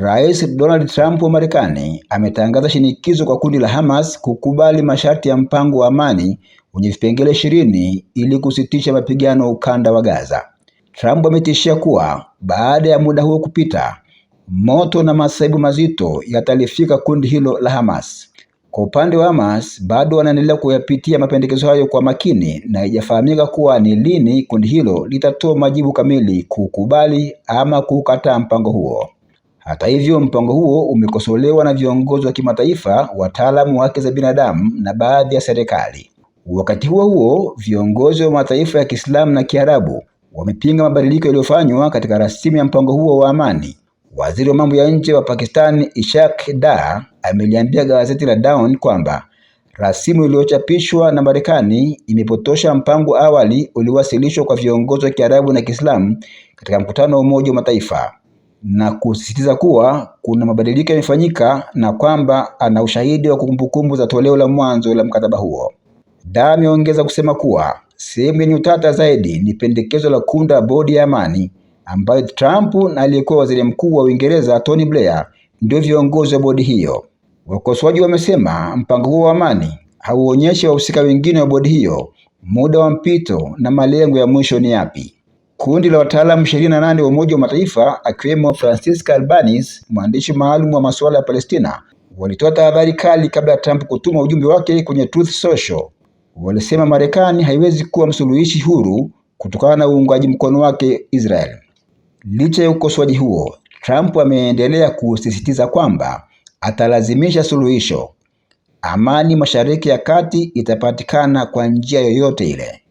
Rais Donald Trump wa Marekani ametangaza shinikizo kwa kundi la Hamas kukubali masharti ya mpango wa amani wenye vipengele ishirini ili kusitisha mapigano ukanda wa Gaza. Trump ametishia kuwa baada ya muda huo kupita, moto na masaibu mazito yatalifika kundi hilo la Hamas. Kwa upande wa Hamas, bado wanaendelea kuyapitia mapendekezo hayo kwa makini na haijafahamika kuwa ni lini kundi hilo litatoa majibu kamili kukubali ama kukataa mpango huo. Hata hivyo, mpango huo umekosolewa na viongozi wa kimataifa, wataalamu wa haki za binadamu na baadhi ya serikali. Wakati huo huo, viongozi wa mataifa ya Kiislamu na Kiarabu wamepinga mabadiliko yaliyofanywa katika rasimu ya mpango huo wa amani. Waziri wa mambo ya nje wa Pakistan Ishaq Dar ameliambia gazeti la Dawn kwamba rasimu iliyochapishwa na Marekani imepotosha mpango awali uliowasilishwa kwa viongozi wa Kiarabu na Kiislamu katika mkutano wa Umoja wa Mataifa na kusisitiza kuwa kuna mabadiliko yamefanyika na kwamba ana ushahidi wa kumbukumbu za toleo la mwanzo la mkataba huo. Daa ameongeza kusema kuwa sehemu yenye utata zaidi ni pendekezo la kuunda bodi ya amani ambayo Trump na aliyekuwa waziri mkuu wa Uingereza Tony Blair ndio viongozi wa bodi hiyo. Wakosoaji wamesema mpango huo wa amani hauonyeshi wahusika wengine wa bodi hiyo, muda wa mpito na malengo ya mwisho ni yapi. Kundi la wataalamu ishirini na nane wa Umoja wa Mataifa akiwemo Francisca Albanese, mwandishi maalum wa masuala ya Palestina, walitoa tahadhari kali kabla ya Trump kutuma ujumbe wake kwenye Truth Social. Walisema Marekani haiwezi kuwa msuluhishi huru kutokana na uungaji mkono wake Israel. Licha ya ukosoaji huo, Trump ameendelea kusisitiza kwamba atalazimisha suluhisho. Amani Mashariki ya Kati itapatikana kwa njia yoyote ile.